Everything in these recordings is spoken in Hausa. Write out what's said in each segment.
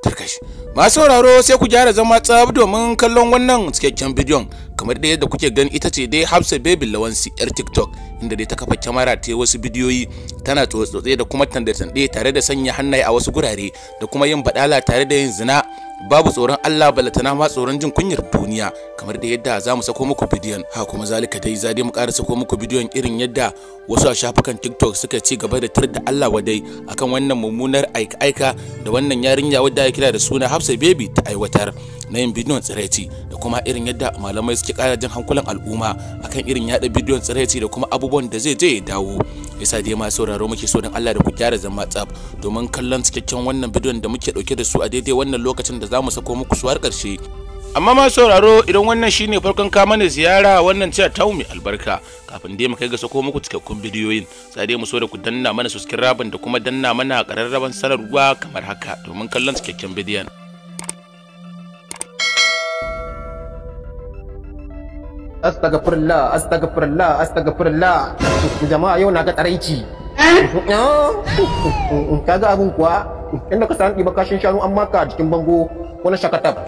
tarkash masu sauraro sai ku gyara zama tsab domin kallon wannan cikakken bidiyon kamar da yadda kuke gani ita ce dai hafsa baby lawansi yar tiktok inda dai ta kafa kyamara ta wasu bidiyoyi tana tsotsotse da kuma tande tare da sanya hannaye a wasu gurare da kuma yin badala tare da yin zina babu tsoron Allah balatana ma tsoron jin kunyar duniya kamar da yadda za mu sako muku bidiyon ha kuma zalika dai za dai mu ƙara sako muku bidiyon irin yadda wasu a shafukan TikTok suka ci gaba da tar da Allah wadai akan wannan mummunar aika-aika da wannan yarinya wadda ya kira da suna Hafsa Baby ta aiwatar na yin bidiyon tsiraici da kuma irin yadda malamai suke ƙara jin hankulan al'umma akan irin yada bidiyon tsiraici da kuma abubuwan da zai je ya dawo yasa dai ma sauraro muke so don Allah da ku gyara zama tsaf domin kallon cikakken wannan bidiyon da muke dauke da su a daidai wannan lokacin da za mu sako muku su har karshe amma ma sauraro idan wannan shine farkon ka mana ziyara wannan cewa ta mu albarka kafin dai mu kai ga sako muku cikakkun bidiyoyin sai dai mu so da ku danna mana subscribe da kuma danna mana kararraban sanarwa kamar haka domin kallon cikakken bidiyon astaghfirullah astaghfirullah astaghfirullah jama'a yau na ga taraici kaga abun kuwa inda ka san ɗiba kashin shanu an maka jikin bango wani shakatab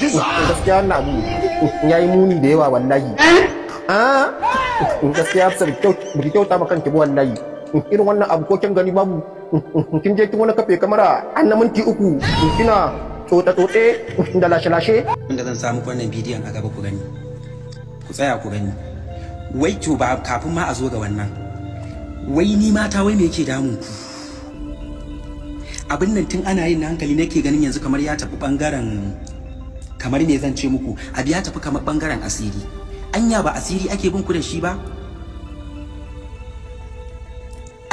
gaskiya na abu yayi muni da yawa wallahi eh? a ah. gaskiya sa biki kyauta ma kanki wallahi irin wannan abu ko kin gani babu kin je kin wani kafe kamara an na minti uku kina tsotse-tsotse da lashe-lashe wanda zan samu wannan bidiyon a gaba ku gani ku tsaya ku gani wai to ba kafin ma a zo ga wannan wai ni mata wai me yake damun ku abin nan tun ana yin hankali nake ganin yanzu kamar ya tafi bangaren kamar me zan ce muku abu ya tafi kamar bangaren asiri anya ba asiri ake bin ku da shi ba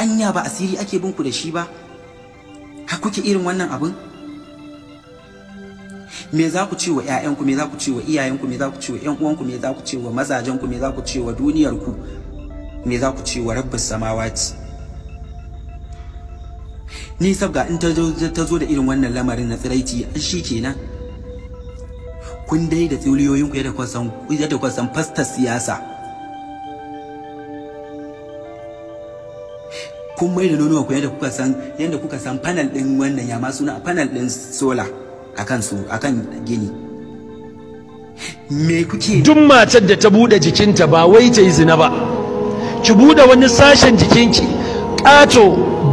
anya ba asiri ake bin ku da shi ba ha kuke irin wannan abin me za ku ce wa ƴaƴanku me za ku ce wa iyayenku me za ku ce wa ƴan uwanku me za ku ce wa mazajenku me za ku ce wa duniyarku me za ku ce wa rabbis samawati ni sabga in ta zo da irin wannan lamarin na tsiraici shi kenan kun dai da tsiliyoyinku yadda kun san yadda kun san fastar siyasa kun mai da nonuwa ku yadda kuka san yadda kuka san panel din wannan ya ma suna panel din solar akan su akan gini me kuke duk matar da ta bude jikinta ba wai ta yi zina ba ki bude wani sashen jikinki ƙato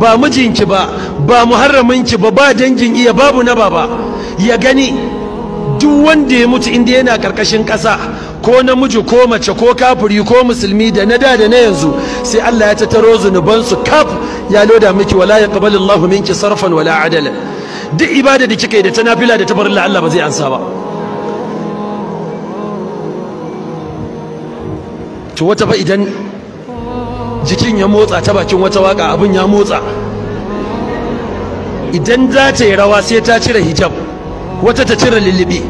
ba mijinki ba ba muharraminki ba ba dangin iya babu na baba ya gani duk wanda ya mutu inda yana karkashin ƙasa ko namiji ko mace ko kafiri ko musulmi da na da da na yanzu sai Allah ya tattaro su kaf ya loda miki wala yaqbalu Allahu minki sarfan wala adala duk ibada da kika yi da ta nafila da ta Allah ba zai ansa ba to wata ba idan jikin ya motsa ta bakin wata waka abin ya motsa idan za ta yi rawa sai ta cire hijab wata ta cire lullubi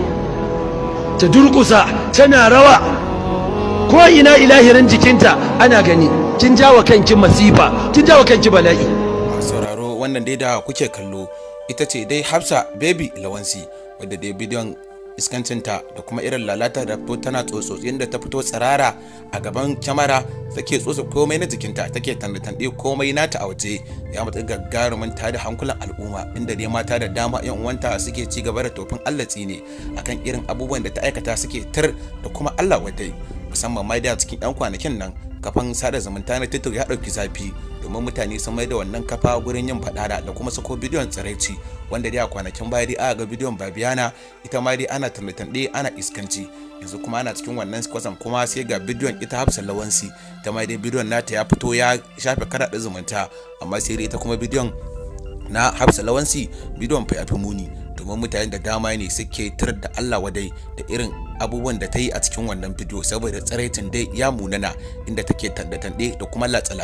ta durkusa tana rawa ko ina ilahirin jikinta ana gani kin jawa kanki masifa kin jawa kanki bala'i sauraro wannan dai da kuke kallo ita ce dai hafsa baby lawansi wadda dai bidiyon iskancinta da kuma irin lalata da fito tana tsotso yadda ta fito tsirara a gaban kyamara take tsotso komai na jikinta take tanɗe komai nata a waje ya matsa gagarumin ta da hankulan al'umma inda dai mata da dama yan uwanta suke ci gaba da tofin Allah tsine akan irin abubuwan da ta aikata suke tar da kuma Allah wadai musamman ma da cikin yan kwanakin nan kafan sada zumunta na tiktok ya ɗauki zafi domin mutane sun mai da wannan kafa gurin yin fadada da kuma sako bidiyon tsaraici wanda dai a kwanakin baya dai aka ga bidiyon babiyana ita ma dai ana tarnatanɗe ana iskanci yanzu kuma ana cikin wannan kwasan kuma sai ga bidiyon ita hafsa lawansi ta ma dai bidiyon nata ya fito ya shafe karaɗa zumunta amma sai dai ita kuma bidiyon na hafsa lawansi bidiyon fayafi muni domin mutane da dama ne suke tar da Allah wadai da irin abubuwan da ta yi a cikin wannan bidiyo saboda tsiraitin dai ya munana inda take tande-tande da kuma latsa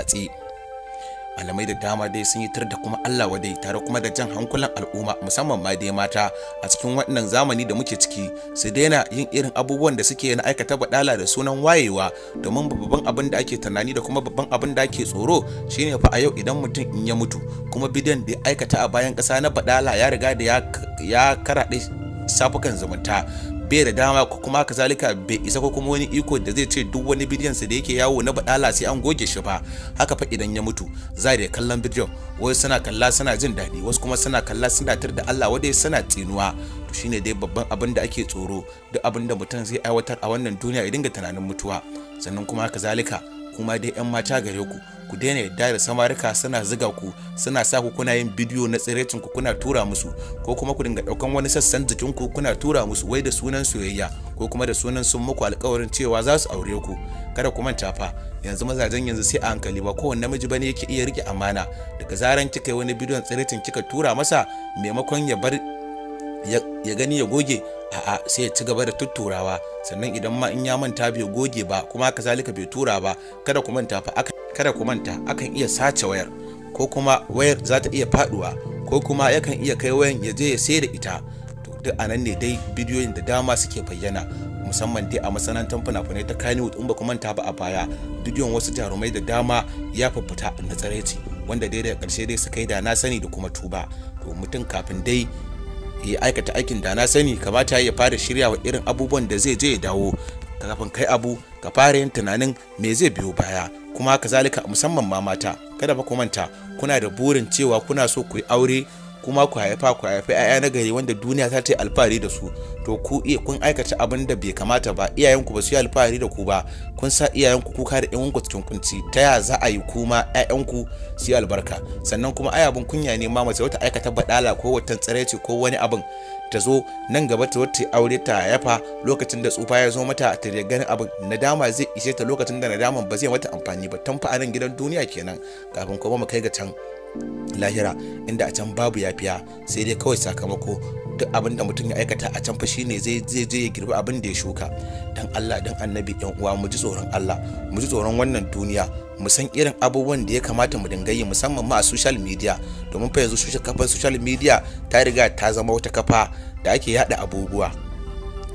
malamai da dama dai sun yi tar da kuma Allah wadai tare kuma da jan hankulan al'umma musamman ma dai mata a cikin wannan zamani da muke ciki su daina yin irin abubuwan da suke na aikata badala da sunan wayewa domin babban abin da ake tunani da kuma babban abin da ake tsoro shine fa a yau idan mutum in ya mutu kuma bidiyon da ya aikata a bayan kasa na badala ya riga da ya karaɗe safukan zumunta bai da dama ko kuma haka bai isa ko kuma wani iko da zai ce duk wani bidiyon sa da yake yawo na badala sai an goge shi ba haka fa idan ya mutu za da kallon bidiyon wasu suna kalla suna jin daɗi wasu kuma suna kalla suna tar da Allah wadai suna tsinuwa to shine dai babban abin da ake tsoro duk abin da mutum zai aiwatar a wannan duniya ya dinga tunanin mutuwa sannan kuma kazalika. kuma dai 'yan mata gare ku ku daina yadda da samarika suna ziga ku suna sa ku kuna yin bidiyo na tsiraicin ku kuna tura musu ko kuma ku dinga daukan wani sassan jikin ku kuna tura musu wai da sunan soyayya ko kuma da sunan sun muku alkawarin cewa za su aure ku kada ku manta fa yanzu mazajen yanzu sai a hankali ba kowane namiji bane yake iya rike amana daga zaran kika yi wani bidiyon tsiraicin kika tura masa maimakon ya bar ya gani ya goge a'a sai ya ci gaba da tutturawa sannan idan ma in ya manta bai goge ba kuma haka zalika bai tura ba kada ku manta fa aka kada ku manta akan iya sace wayar ko kuma wayar za ta iya faduwa ko kuma yakan iya kai wayan ya je ya sayar da ita to duk anan ne dai bidiyoyin da dama suke bayyana musamman dai a masana'antar fina-finai ta Kannywood in ba ku manta ba a baya bidiyon wasu jarumai da dama ya fafuta na tsaraici wanda dai daga ƙarshe dai su kai da na sani da kuma tuba to mutum kafin dai ya aikata aikin da na sani kamata ya fara shirya wa irin abubuwan da zai je ya dawo kafin kai abu ka fara yin tunanin me zai biyo baya kuma kazalika musamman ma mata kada ba ku manta kuna da burin cewa kuna so ku yi aure kuma ku haifa ku haifa ‘ya'ya na gari wanda duniya za ta yi alfahari da su to ku iya kun aikata abin da bai kamata ba iyayenku ba su yi alfahari da ku ba kun sa iyayenku kuka da yanku cikin kunci ta ya za a yi kuma ‘ya'yanku su yi albarka sannan kuma ai abin kunya ne ma mace wata aikata badala ko wata ce ko wani abin ta zo nan gaba ta wata aure ta yafa lokacin da tsufa ya zo mata ta da ganin abin nadama zai ishe ta lokacin da nadaman ba zai mata amfani ba tamfa a nan gidan duniya kenan kafin kuma mu kai ga can lahira inda a can babu yafiya sai dai kawai sakamako duk abin da mutum ya aikata a can fashi ne zai zai je ya girbi abin da ya shuka dan Allah dan annabi yan uwa mu ji tsoron Allah mu ji tsoron wannan duniya mu san irin abubuwan da ya kamata mu dinga yi musamman ma a social media domin fa yanzu kafar social media ta riga ta zama wata kafa da ake yada abubuwa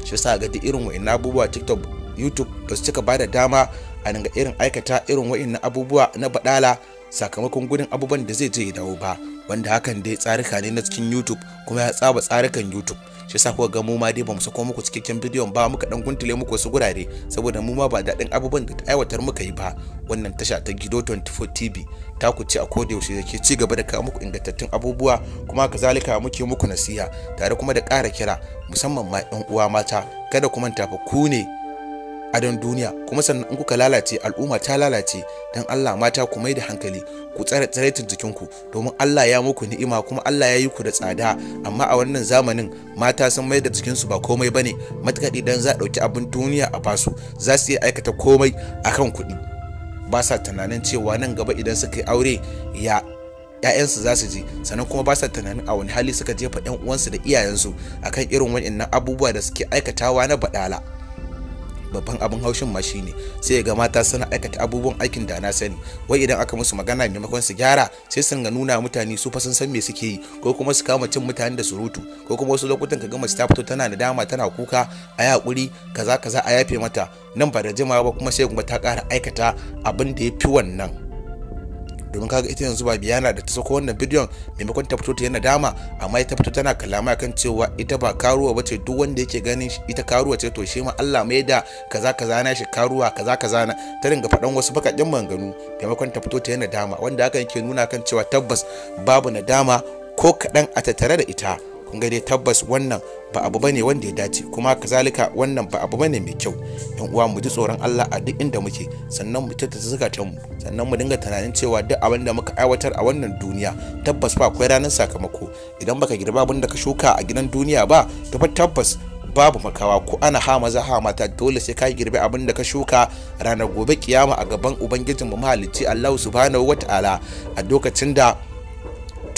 shi yasa ga duk irin wa'annan abubuwa TikTok YouTube ba su cika bada dama a dinga irin aikata irin wa'annan abubuwa na badala sakamakon gudun abubuwan da zai je ya dawo ba wanda hakan dai tsarika ne na cikin youtube kuma ya tsaba tsarikan youtube shi sa kuka ga mu ma dai mu sako muku cikakken bidiyon ba muka dan guntule muku wasu gurare saboda mu ma ba daɗin abubuwan da ta aiwatar muka yi ba wannan tasha ta gido 24 tv ta ku ce a koda yaushe yake ci gaba da kawo muku ingantattun abubuwa kuma kazalika muke muku nasiha tare kuma da ƙara kira musamman ma 'yan uwa mata kada ku manta ba ku ne adon duniya kuma sannan in kuka lalace al'umma ta lalace dan Allah mata ku mai da hankali ku tsare tsaraitin jikinku domin Allah ya muku ni'ima kuma Allah ya yi ku da tsada amma a wannan zamanin mata sun mai da cikin su ba komai bane matuƙa dan za a ɗauki abin duniya a basu za su iya aikata komai akan kuɗi ba sa tunanin cewa nan gaba idan suka yi aure ya ‘ya'yansu za su ji sannan kuma ba sa tunanin a wani hali suka jefa ‘yan uwansu da iyayensu akan irin waɗannan abubuwa da suke aikatawa na baɗala. babban abin haushin ma shine sai ga mata suna aikata abubuwan aikin da na sani wai idan aka musu magana maimakon su gyara sai su ga nuna mutane su fa sun san me suke yi ko kuma su kama cin mutane da surutu ko kuma wasu lokutan kaga mace ta fito tana da dama tana kuka a hakuri kaza kaza a yafe mata nan ba da jimawa ba kuma sai kuma ta ƙara aikata abin da ya fi wannan domin kaga ita yanzu ba biyana da ta sako wannan bidiyon maimakon ta fito ta yana dama amma ita fito tana kalama kan cewa ita ba karuwa bace duk wanda yake ganin ita karuwa ce to shi ma Allah mai da kaza kaza na shi karuwa kaza kaza na ta dinga faɗan wasu bakakin manganu maimakon ta fito ta yana dama wanda hakan yake nuna kan cewa tabbas babu nadama ko kaɗan a tattare da ita kun ga dai tabbas wannan ba abu bane wanda ya dace kuma kazalika wannan ba abu bane mai kyau yan uwa mu ji tsoron Allah a duk inda muke sannan mu tattata zukatan mu sannan mu dinga tunanin cewa duk abin da muka aiwatar a wannan duniya tabbas ba akwai ranar sakamako idan baka girba abin da ka shuka a gidan duniya ba to tabbas babu makawa ko ana ha maza ha mata dole sai ka girbi abin da ka shuka ranar gobe kiyama a gaban ubangijinmu mahalicci Allah subhanahu wataala a lokacin da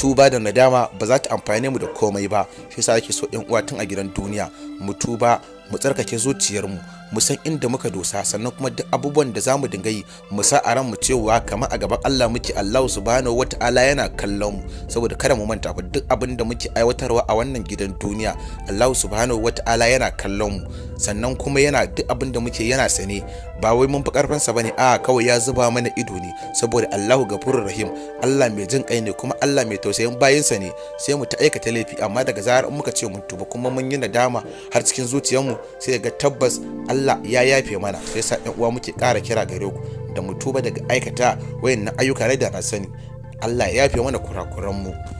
tuba da nadama ba za ta amfane mu da komai ba shi yasa ake so yan uwa tun a gidan duniya mu tuba mu tsarkake zuciyar mu mu san inda muka dosa sannan kuma duk abubuwan da zamu dinga yi mu sa a mu cewa kamar a gaban Allah muke Allah subhanahu wata'ala yana kallon mu saboda kada mu manta ba duk abin da muke aiwatarwa a wannan gidan duniya Allah subhanahu wata'ala yana kallon mu sannan kuma yana duk abin da muke yana sane ba wai mun fi karfinsa bane a kawai ya zuba mana ido ne saboda Allahu gafurur rahim Allah mai jin kai ne kuma Allah mai tausayin bayinsa ne sai mu ta aikata laifi amma daga zarar muka ce mun tuba kuma mun yi nadama har cikin zuciyarmu sai ga tabbas Allah ya yafe mana sai sa ɗan uwa muke kara kira gare ku da mu tuba daga aikata wayannan ayyuka da na sani Allah ya yafe mana kurakuran mu